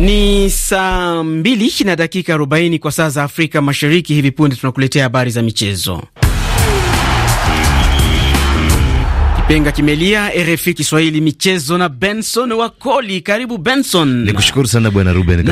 Ni saa mbili na dakika arobaini kwa saa za Afrika Mashariki. Hivi punde tunakuletea habari za michezo. Benga kimelia RFI Kiswahili michezo na Benson Wakoli. Karibu Benson. Nikushukuru sana bwana Ruben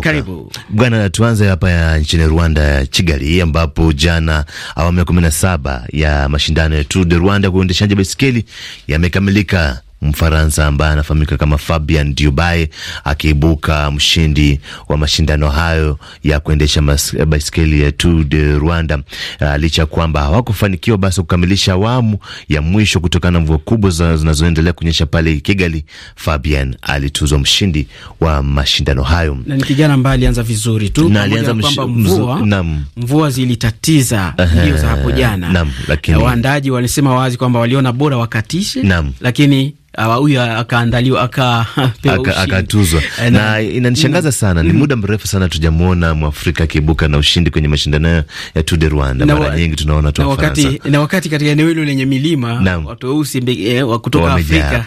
Karibu bwana, tuanze hapa ya nchini Rwanda, ya Kigali, ambapo jana awamu ya kumi na saba ya mashindano ya Tour de Rwanda kwa uendeshaji baiskeli yamekamilika Mfaransa ambaye anafahamika kama Fabian Dubai akiibuka mshindi wa mashindano hayo ya kuendesha baiskeli ya Tour de Rwanda. Uh, licha ya kwamba hawakufanikiwa basi kukamilisha awamu ya mwisho kutokana na mvua kubwa zinazoendelea kunyesha pale Kigali, Fabian alituzwa mshindi wa mashindano hayo, na ni kijana ambaye alianza vizuri tu na alianza mvua, mvua zilitatiza hiyo za hapo jana. Naam, lakini waandaji walisema wazi kwamba waliona bora wakatishe, lakini Ah, huyo akaandaliwa akapewa akatuzwa aka eh, na inanishangaza sana mm. Ni mhm. muda mrefu sana tujamwona Mwafrika akiibuka na ushindi kwenye mashindano ya Tour de Rwanda. Mara nyingi tunaona tu wakati na wakati katika eneo hilo lenye milima watu weusi eh, kutoka Afrika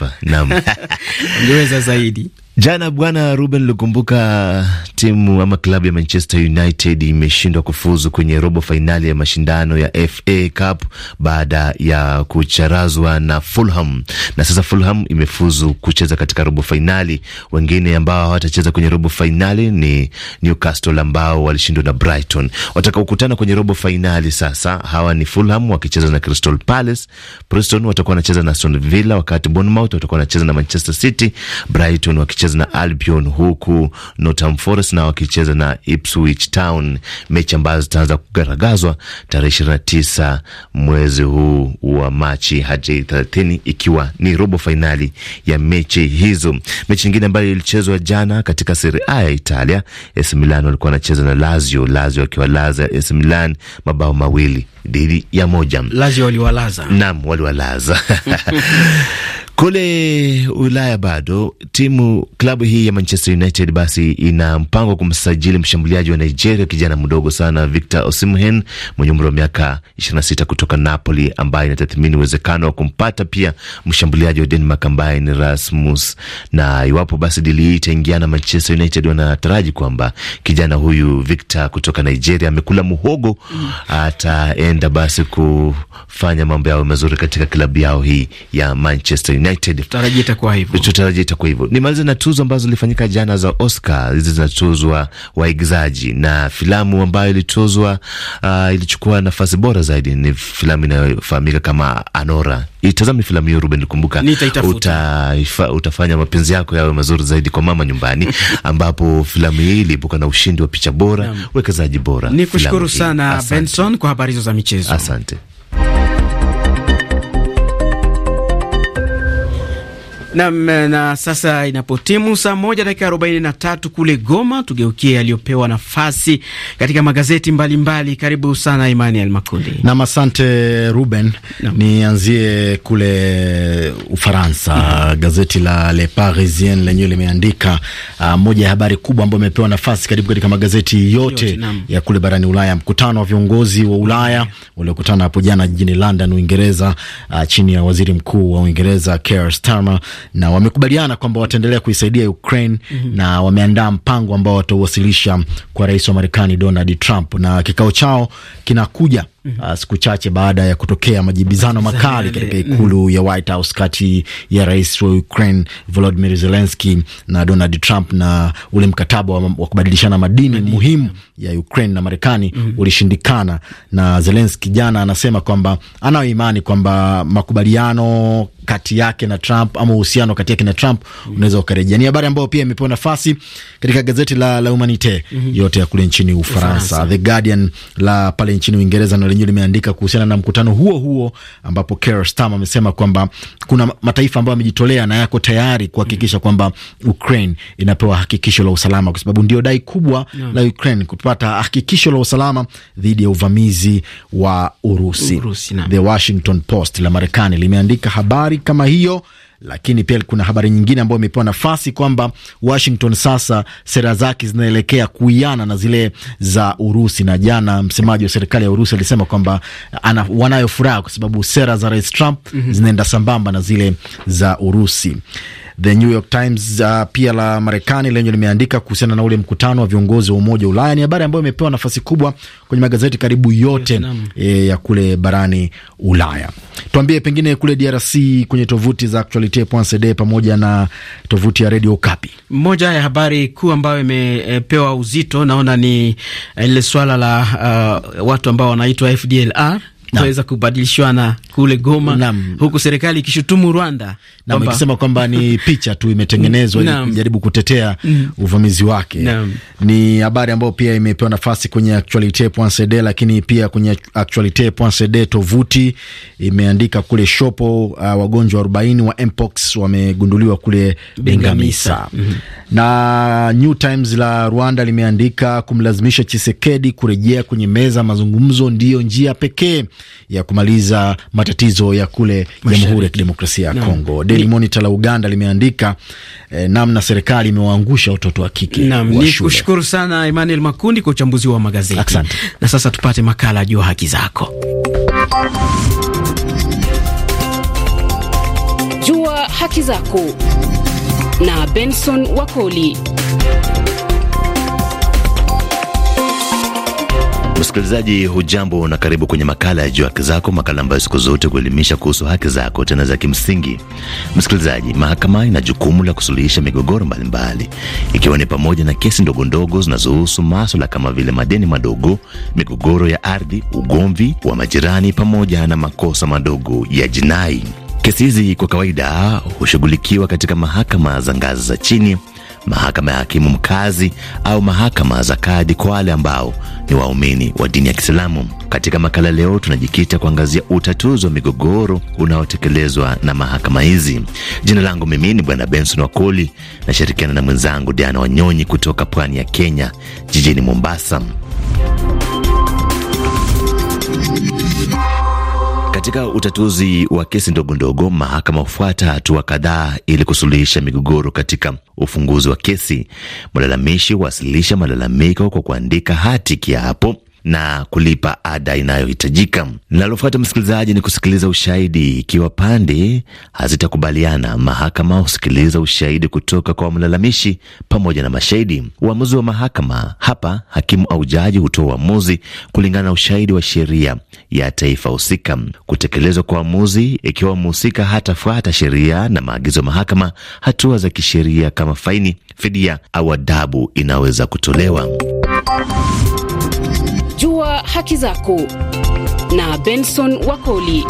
wameweza zaidi Jana bwana Ruben Lukumbuka, timu ama klabu ya Manchester United imeshindwa kufuzu kwenye robo fainali ya mashindano ya FA Cup baada ya kucharazwa na Fulham, na sasa Fulham imefuzu kucheza katika robo fainali. Wengine ambao hawatacheza kwenye robo fainali ni Newcastle ambao walishindwa na Brighton. Watakaokutana kwenye robo fainali sasa hawa ni Fulham wakicheza na Crystal Palace, Preston watakuwa wanacheza na Aston Villa, wakati Bournemouth watakuwa wanacheza na Manchester City, Brighton wakicheza wakicheza na Albion, huku Nottingham Forest na wakicheza na Ipswich Town, mechi ambazo zitaanza kugaragazwa tarehe ishirini na tisa mwezi huu wa Machi hadi thelathini, ikiwa ni robo fainali ya mechi hizo. Mechi nyingine ambayo ilichezwa jana katika Serie A ya Italia, AC Milan walikuwa wanacheza na Lazio, Lazio akiwalaza AC Milan mabao mawili dhidi ya moja. Lazio waliwalaza, naam, waliwalaza Kule Ulaya bado timu klabu hii ya Manchester United basi ina mpango kumsajili mshambuliaji wa Nigeria, kijana mdogo sana Victor Osimhen mwenye umri wa miaka 26 kutoka Napoli, ambaye inatathmini uwezekano wa kumpata pia mshambuliaji wa Denmark ambaye ni Rasmus, na iwapo basi dili hii na Manchester United wanataraji kwamba kijana huyu Victor kutoka Nigeria amekula muhogo, ataenda basi kufanya mambo yao mazuri katika klabu yao hii ya Manchester United. United. Tutarajia itakuwa hivyo, tutarajia itakuwa hivyo. Nimalize na tuzo ambazo zilifanyika jana za Oscar. Hizi zinatuzwa waigizaji na filamu ambayo ilituzwa, uh, ilichukua nafasi bora zaidi ni filamu inayofahamika kama Anora. Itazame filamu hiyo Ruben, kumbuka uta, utafanya mapenzi yako yawe mazuri zaidi kwa mama nyumbani, ambapo filamu hii iliibuka na ushindi wa picha bora, uwekezaji bora. Ni sana Benson kwa habari hizo za michezo, asante. Nam, na sasa inapotimu saa moja dakika arobaini na tatu kule Goma, tugeukie aliyopewa nafasi katika magazeti mbalimbali mbali. Karibu sana Emmanuel Makundi. Nam, asante Ruben. Nianzie kule Ufaransa. mm -hmm. Gazeti la Le Parisien lenyewe limeandika uh, moja ya habari kubwa ambayo imepewa nafasi karibu katika magazeti yote, yote ya kule barani Ulaya, mkutano wa viongozi wa Ulaya yeah. waliokutana hapo jana jijini London, Uingereza, uh, chini ya waziri mkuu wa Uingereza Keir Starmer na wamekubaliana kwamba wataendelea kuisaidia Ukraine mm -hmm. na wameandaa mpango ambao watauwasilisha kwa rais wa Marekani Donald Trump, na kikao chao kinakuja mm uh, siku chache baada ya kutokea majibizano makali katika mhm. ikulu mm -hmm. ya White House kati ya rais wa Ukraine Volodymyr Zelensky na Donald Trump, na ule mkataba wa, wa kubadilishana madini, madini muhimu ya Ukraine na Marekani mm -hmm. ulishindikana, na Zelensky jana anasema kwamba anayo imani kwamba makubaliano kati yake na Trump ama uhusiano kati yake na Trump mm -hmm. unaweza ukarejea. Ni habari ambayo pia imepewa nafasi katika gazeti la, la Humanite mm -hmm. yote ya kule nchini Ufaransa, Ufaransa. The Guardian la pale nchini Uingereza na lenyewe limeandika kuhusiana na mkutano huo huo, ambapo Keir Starmer amesema kwamba kuna mataifa ambayo yamejitolea na yako tayari kuhakikisha kwamba Ukraine inapewa hakikisho la usalama, kwa sababu ndio dai kubwa no. la Ukraine kupata hakikisho la usalama dhidi ya uvamizi wa Urusi. Urusi, The Washington Post la Marekani limeandika habari kama hiyo lakini pia kuna habari nyingine ambayo imepewa nafasi kwamba Washington sasa sera zake zinaelekea kuiana na zile za Urusi, na jana msemaji wa serikali ya Urusi alisema kwamba wanayo furaha kwa sababu sera za Rais Trump mm -hmm. zinaenda sambamba na zile za Urusi. The New York Times uh, pia la Marekani lenye limeandika kuhusiana na ule mkutano wa viongozi wa Umoja wa Ulaya. Ni habari ambayo imepewa nafasi kubwa kwenye magazeti karibu yote yes, e, ya kule barani Ulaya. Tuambie pengine kule DRC kwenye tovuti za actualite.cd pamoja na tovuti ya Radio Kapi. Moja ya habari kuu ambayo imepewa uzito naona ni eh, ile swala la uh, watu ambao wanaitwa FDLR itaweza kubadilishwana kule Goma na, huku serikali ikishutumu Rwanda na ikisema kwamba ni picha tu imetengenezwa ili kujaribu kutetea mm. uvamizi wake Nam. ni habari ambayo pia imepewa nafasi kwenye actualite.cd, lakini pia kwenye actualite.cd tovuti imeandika kule shopo uh, wagonjwa 40 wa mpox wamegunduliwa kule Bengamisa mhm. na New Times la Rwanda limeandika kumlazimisha Chisekedi kurejea kwenye meza mazungumzo ndiyo njia pekee ya kumaliza matatizo ya kule Jamhuri ya Kidemokrasia ya Kongo. Daily Monitor la Uganda limeandika eh, namna serikali imewaangusha watoto wa kike. Naam, nikushukuru sana Emmanuel Makundi kwa uchambuzi wa magazeti. Asante. Na sasa tupate makala juu haki zako. Jua haki zako na Benson Wakoli. Msikilizaji hujambo na karibu kwenye makala ya Jua Haki Zako, makala ambayo siku zote kuelimisha kuhusu haki zako tena za kimsingi. Msikilizaji, mahakama ina jukumu la kusuluhisha migogoro mbalimbali, ikiwa ni pamoja na kesi ndogo ndogo zinazohusu maswala kama vile madeni madogo, migogoro ya ardhi, ugomvi wa majirani, pamoja na makosa madogo ya jinai. Kesi hizi kwa kawaida hushughulikiwa katika mahakama za ngazi za chini mahakama ya hakimu mkazi au mahakama za kadi kwa wale ambao ni waumini wa dini ya Kiislamu. Katika makala leo, tunajikita kuangazia utatuzi wa migogoro unaotekelezwa na mahakama hizi. Jina langu mimi ni Bwana Benson Wakoli, nashirikiana na mwenzangu Diana Wanyonyi kutoka pwani ya Kenya, jijini Mombasa. Katika utatuzi wa kesi ndogo ndogo mahakama hufuata hatua kadhaa ili kusuluhisha migogoro. Katika ufunguzi wa kesi, mlalamishi huwasilisha malalamiko kwa kuandika hati kiapo na kulipa ada inayohitajika. Linalofuata msikilizaji, ni kusikiliza ushahidi. Ikiwa pande hazitakubaliana, mahakama husikiliza ushahidi kutoka kwa mlalamishi pamoja na mashahidi. Uamuzi wa mahakama hapa, hakimu au jaji hutoa uamuzi kulingana na ushahidi wa sheria ya taifa husika. Kutekelezwa kwa uamuzi, ikiwa mhusika hatafuata sheria na maagizo ya mahakama, hatua za kisheria kama faini, fidia au adabu inaweza kutolewa. Jua Haki Zako na Benson Wakoli.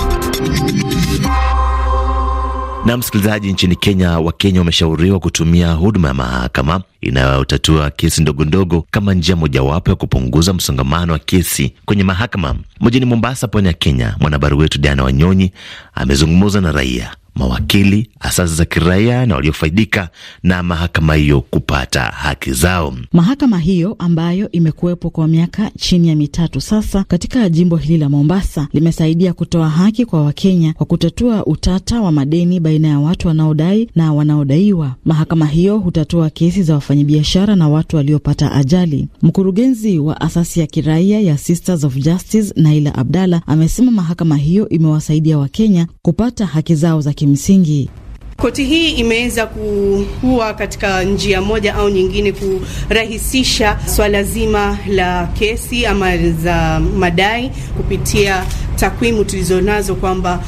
Na msikilizaji, nchini Kenya, Wakenya wameshauriwa kutumia huduma ya mahakama inayotatua kesi ndogondogo kama njia mojawapo ya kupunguza msongamano wa kesi kwenye mahakama. Mjini Mombasa, pwani ya Kenya, mwanahabari wetu Diana Wanyonyi amezungumza na raia mawakili, asasi za kiraia na waliofaidika na mahakama hiyo kupata haki zao. Mahakama hiyo ambayo imekuwepo kwa miaka chini ya mitatu sasa katika jimbo hili la Mombasa limesaidia kutoa haki kwa Wakenya kwa kutatua utata wa madeni baina ya watu wanaodai na wanaodaiwa. Mahakama hiyo hutatua kesi za wafanyabiashara na watu waliopata ajali. Mkurugenzi wa asasi ya kiraia ya Sisters of Justice Naila Abdalla amesema mahakama hiyo imewasaidia Wakenya kupata haki zao za kimsingi. Koti hii imeweza kuwa katika njia moja au nyingine kurahisisha swala zima la kesi ama za madai kupitia takwimu tulizonazo kwamba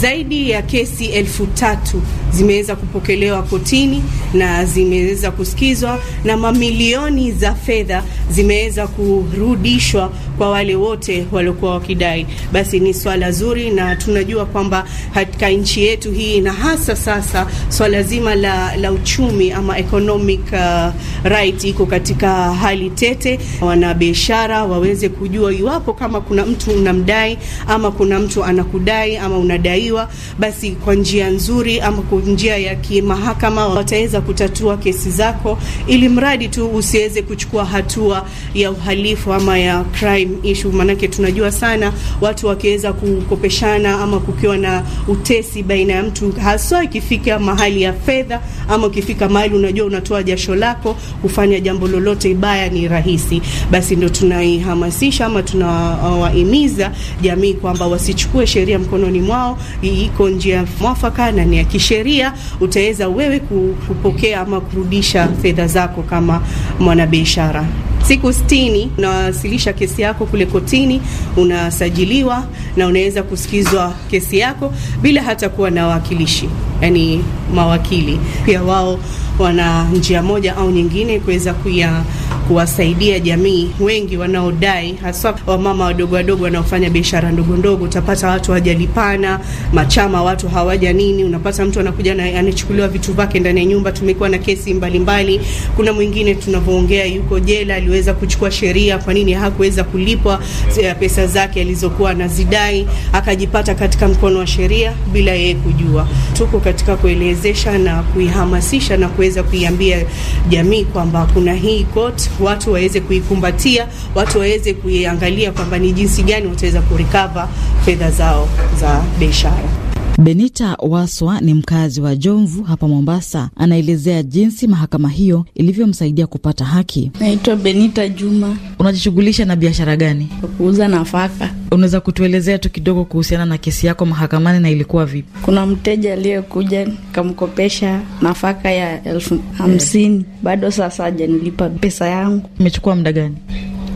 zaidi ya kesi elfu tatu zimeweza kupokelewa kotini na zimeweza kusikizwa na mamilioni za fedha zimeweza kurudishwa kwa wale wote waliokuwa wakidai. Basi ni swala zuri, na tunajua kwamba katika nchi yetu hii na hasa sasa swala zima la, la uchumi ama economic uh, right iko katika hali tete. Wanabiashara waweze kujua iwapo kama kuna mtu unamdai ama kuna mtu anakudai ama unadaiwa, basi kwa njia nzuri ama kwa njia ya kimahakama wataweza kutatua kesi zako, ili mradi tu usiweze kuchukua hatua ya uhalifu ama ya crime crime issue, maanake tunajua sana watu wakiweza kukopeshana ama kukiwa na utesi baina ya mtu, haswa ikifika mahali ya fedha ama ukifika mahali unajua unatoa jasho lako kufanya jambo lolote baya ni rahisi, basi ndo tunaihamasisha ama tunawahimiza jamii kwamba wasichukue sheria mkononi mwao. Iko njia mwafaka na ni ya kisheria, utaweza wewe kupokea ama kurudisha fedha zako kama mwanabiashara siku sitini unawasilisha kesi yako kule kotini, unasajiliwa na unaweza kusikizwa kesi yako bila hata kuwa na wakilishi, yani mawakili. Pia wao wana njia moja au nyingine kuweza kuya kuwasaidia jamii wengi wanaodai, hasa wamama wadogo wadogo wanaofanya biashara ndogo ndogo. Utapata watu hawajalipana machama, watu hawaja nini, unapata mtu anakuja na anachukuliwa vitu vyake ndani ya nyumba. Tumekuwa na kesi mbalimbali mbali. Kuna mwingine tunavyoongea yuko jela, aliweza kuchukua sheria, kwa nini hakuweza kulipwa eh, pesa zake alizokuwa anazidai, akajipata katika mkono wa sheria bila yeye kujua. Tuko katika kuelezesha na kuihamasisha na kuweza kuiambia jamii kwamba kuna hii court watu waweze kuikumbatia, watu waweze kuiangalia kwamba ni jinsi gani wataweza kurecover fedha zao za biashara. Benita Waswa ni mkazi wa Jomvu hapa Mombasa, anaelezea jinsi mahakama hiyo ilivyomsaidia kupata haki. Naitwa Benita Juma. Unajishughulisha na biashara gani? Kuuza nafaka. Unaweza kutuelezea tu kidogo kuhusiana na kesi yako mahakamani na ilikuwa vipi? Kuna mteja aliyekuja nikamkopesha nafaka ya elfu hamsini, bado sasa hajanilipa pesa yangu. Imechukua muda gani?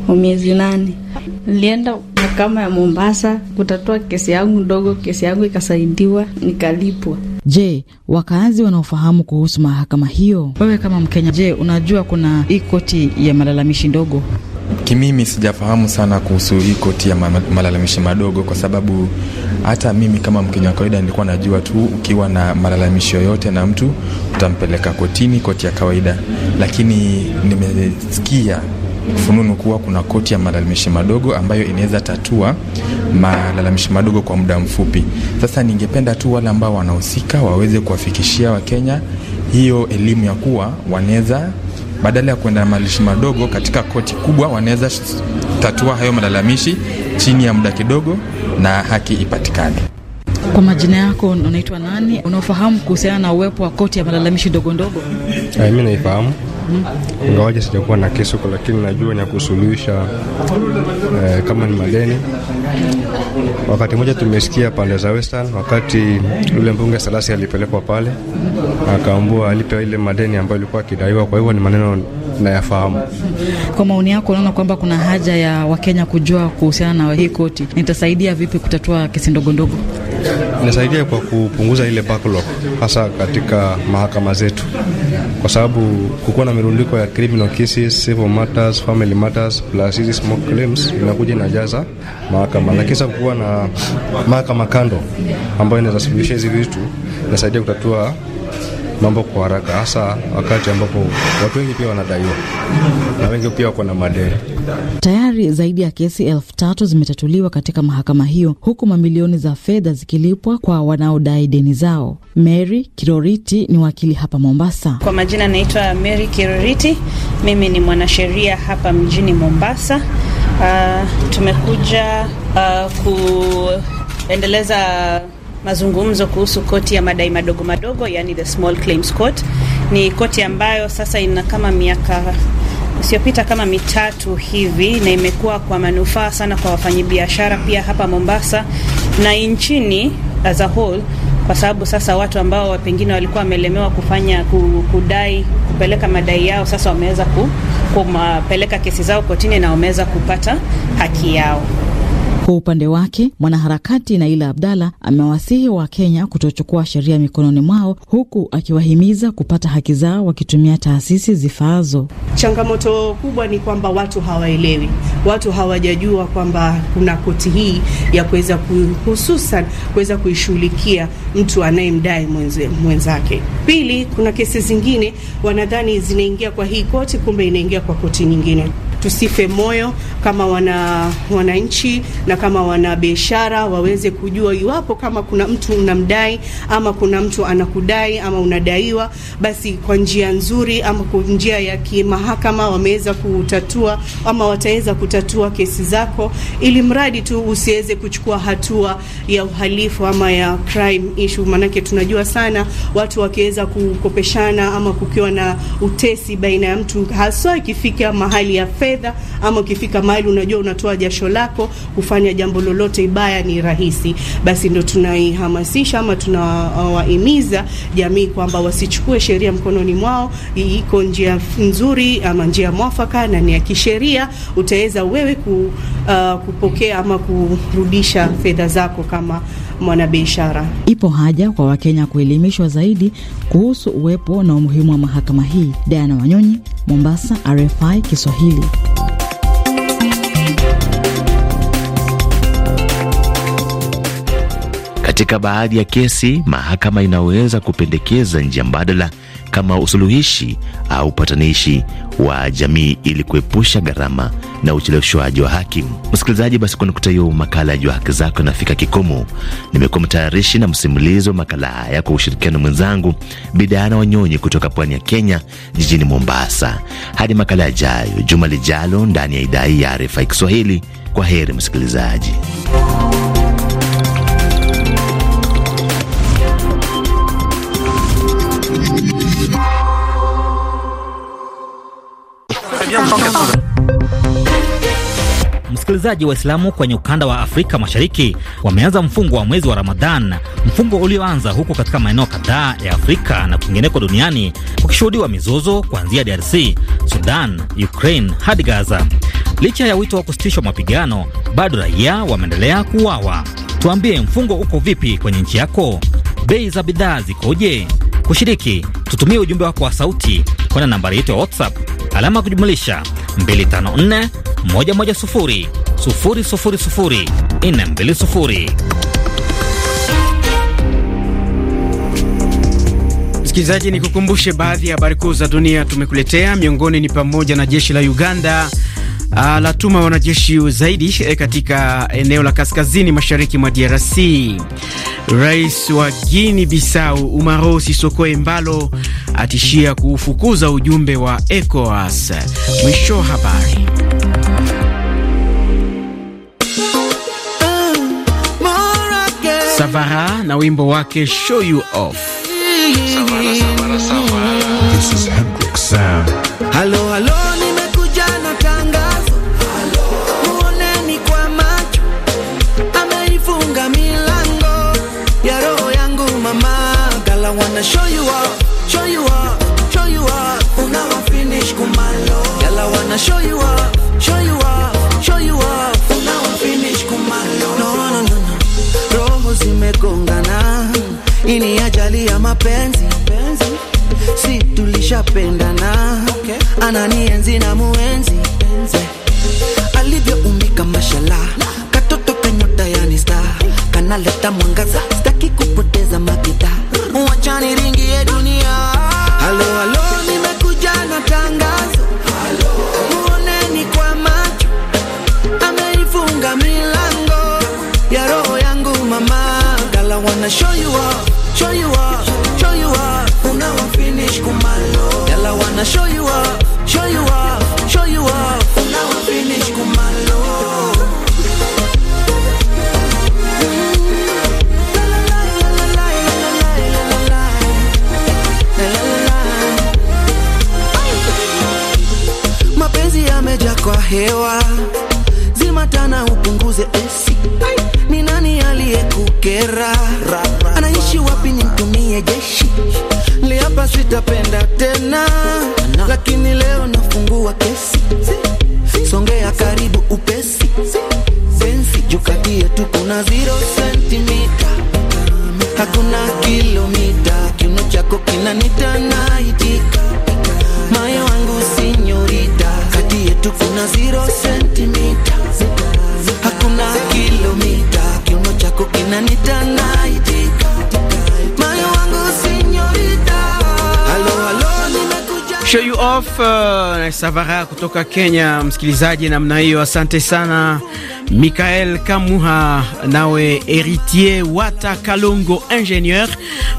wa miezi nane. Nilienda mahakama ya Mombasa kutatua kesi yangu ndogo, kesi yangu ikasaidiwa, nikalipwa. Je, wakaazi wanaofahamu kuhusu mahakama hiyo? Wewe kama Mkenya, je, unajua kuna hii koti ya malalamishi ndogo? Kimimi sijafahamu sana kuhusu hii koti ya malalamishi madogo, kwa sababu hata mimi kama Mkenya wa kawaida nilikuwa najua tu ukiwa na malalamishi yoyote na mtu utampeleka kotini, koti ya kawaida, lakini nimesikia fununu kuwa kuna koti ya malalamishi madogo ambayo inaweza tatua malalamishi madogo kwa muda mfupi. Sasa ningependa tu wale ambao wanahusika waweze kuwafikishia Wakenya hiyo elimu ya kuwa wanaweza badala ya kuenda malalamishi madogo katika koti kubwa, wanaweza tatua hayo malalamishi chini ya muda kidogo na haki ipatikane. Kwa majina yako unaitwa nani? Unaofahamu kuhusiana na uwepo wa koti ya malalamishi ndogo ndogo? Eh, mimi naifahamu ingawaje sijakuwa na kisuko, lakini najua ni ya kusuluhisha eh, kama ni madeni. Wakati mmoja tumesikia pande za Western, wakati yule mbunge Salasi alipelekwa pale, akaambua alipe ile madeni ambayo ilikuwa akidaiwa. Kwa hivyo ni maneno nayafahamu. Kwa maoni yako, unaona kwamba kuna haja ya Wakenya kujua kuhusiana na hii koti, nitasaidia vipi kutatua kesi ndogondogo? Inasaidia kwa kupunguza ile backlog hasa katika mahakama zetu kwa sababu kukuwa na mirundiko ya criminal cases, civil matters, family matters plus hizi smoke claims inakuja jaza mahakama, lakini sasa kukuwa na mahakama kando ambayo inaweza suluhisha hizi vitu inasaidia kutatua mambo kwa haraka, hasa wakati ambapo watu wengi pia wanadaiwa na wengi pia wako na madeni. Tayari zaidi ya kesi elfu tatu zimetatuliwa katika mahakama hiyo, huku mamilioni za fedha zikilipwa kwa wanaodai deni zao. Mary Kiroriti ni wakili hapa Mombasa. Kwa majina naitwa Mary Kiroriti, mimi ni mwanasheria hapa mjini Mombasa. Uh, tumekuja uh, kuendeleza mazungumzo kuhusu koti ya madai madogo madogo, yani the small claims court. Ni koti ambayo sasa ina kama miaka isiyopita kama mitatu hivi, na imekuwa kwa manufaa sana kwa wafanyabiashara pia hapa Mombasa na nchini as a whole, kwa sababu sasa watu ambao pengine walikuwa wamelemewa kufanya kudai kupeleka madai yao sasa wameweza kupeleka kesi zao kotini na wameweza kupata haki yao. Kwa upande wake mwanaharakati Naila Abdalla amewasihi Wakenya kutochukua sheria mikononi mwao, huku akiwahimiza kupata haki zao wakitumia taasisi zifaazo. Changamoto kubwa ni kwamba watu hawaelewi, watu hawajajua kwamba kuna koti hii ya kuweza hususan kuweza kuishughulikia mtu anayemdai mwenzake. Pili, kuna kesi zingine wanadhani zinaingia kwa hii koti, kumbe inaingia kwa koti nyingine. Tusife moyo kama wana wananchi na kama wanabiashara waweze kujua iwapo kama kuna mtu unamdai ama kuna mtu anakudai ama unadaiwa, basi kwa njia nzuri ama kwa njia ya kimahakama wameweza kutatua ama wataweza kutatua kesi zako, ili mradi tu usiweze kuchukua hatua ya uhalifu ama ya crime issue. Maanake tunajua sana watu wakiweza kukopeshana ama kukiwa na utesi baina ya mtu, haswa ikifika mahali ya fedha ama ukifika mahali unajua unatoa jasho lako kufanya kufanya jambo lolote baya ni rahisi. Basi ndo tunaihamasisha ama tunawahimiza jamii kwamba wasichukue sheria mkononi mwao. Iko njia nzuri ama njia mwafaka na ni ya kisheria, utaweza wewe ku, uh, kupokea ama kurudisha fedha zako kama mwanabiashara. Ipo haja kwa Wakenya kuelimishwa zaidi kuhusu uwepo na umuhimu wa mahakama hii. Diana Wanyonyi, Mombasa, RFI Kiswahili. Katika baadhi ya kesi, mahakama inaweza kupendekeza njia mbadala kama usuluhishi au upatanishi wa jamii ili kuepusha gharama na ucheleweshwaji wa haki. Msikilizaji, basi kwa nukta hiyo, makala ya Jua Haki Zako inafika kikomo. Nimekuwa mtayarishi na msimulizi wa makala haya kwa ushirikiano mwenzangu Bidana Wanyonyi kutoka pwani ya Kenya, jijini Mombasa. Hadi makala yajayo juma lijalo, ndani ya idhaa ya RFI Kiswahili. Kwa heri msikilizaji. Msikilizaji, Waislamu kwenye ukanda wa Afrika Mashariki wameanza mfungo wa mwezi wa Ramadhan, mfungo ulioanza huko katika maeneo kadhaa ya Afrika na kwingineko duniani kukishuhudiwa mizozo kuanzia DRC, Sudan, Ukraine hadi Gaza. Licha ya wito wa kusitishwa mapigano, bado raia wameendelea kuuawa. Tuambie, mfungo uko vipi kwenye nchi yako? Bei za bidhaa zikoje? Kushiriki, tutumie ujumbe wako wa sauti kwenda nambari yetu ya WhatsApp alama kujumlisha 254 110 000 420. Msikilizaji, ni kukumbushe baadhi ya habari kuu za dunia tumekuletea. Miongoni ni pamoja na jeshi la Uganda ah, latuma wanajeshi zaidi eh, katika eneo la kaskazini mashariki mwa DRC. Rais wa Guinea Bissau Umaro Sisoko Embalo atishia kuufukuza ujumbe wa ECOWAS. Mwisho wa habari. Savara na wimbo wake show you off. Savara, savara, savara. This is Hendrix Sam. Hello wanna show you off, show you off, show you off. kumalo. No, no, no, no. zimegongana. Ini ajali ya mapenzi. Si tulishapendana. Ananienzi na muenzi. Alivyoumbika mashala. Katoto kanyota yani star. Kanaleta mwangaza. staki kupoteza makita. ringi ye dunia. Halo, halo, nimekuja na tanga Hakuna zero centimita hakuna kilomita, kiuno chako kinanita naitika, moyo wangu sinyorita, kati yetu kuna zero centimita hakuna kilomita, kiuno chako kinanita naitika, moyo wangu sinyorita. Halo, halo. Show you off uh, Savara kutoka Kenya, msikilizaji namna hiyo. Asante sana Michael Kamuha nawe Heritier Wata Kalongo ingénieur,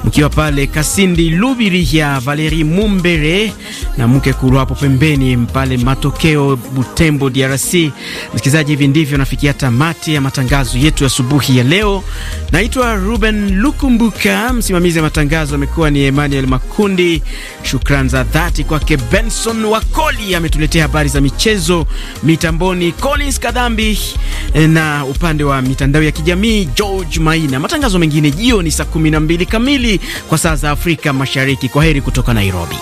mkiwa pale Kasindi Lubiri ya Valeri Mumbere na mke kuru hapo pembeni pale Matokeo Butembo DRC. Msikilizaji, hivi ndivyo nafikia tamati ya matangazo yetu asubuhi ya, ya leo. Naitwa Ruben Lukumbuka, msimamizi wa matangazo amekuwa ni Emmanuel Makundi. Shukran za dhati kwake Benson Wakoli ametuletea habari za michezo mitamboni, Collins Kadhambi Eh, na upande wa mitandao ya kijamii George Maina. Matangazo mengine jioni saa 12 kamili kwa saa za Afrika Mashariki. Kwa heri kutoka Nairobi.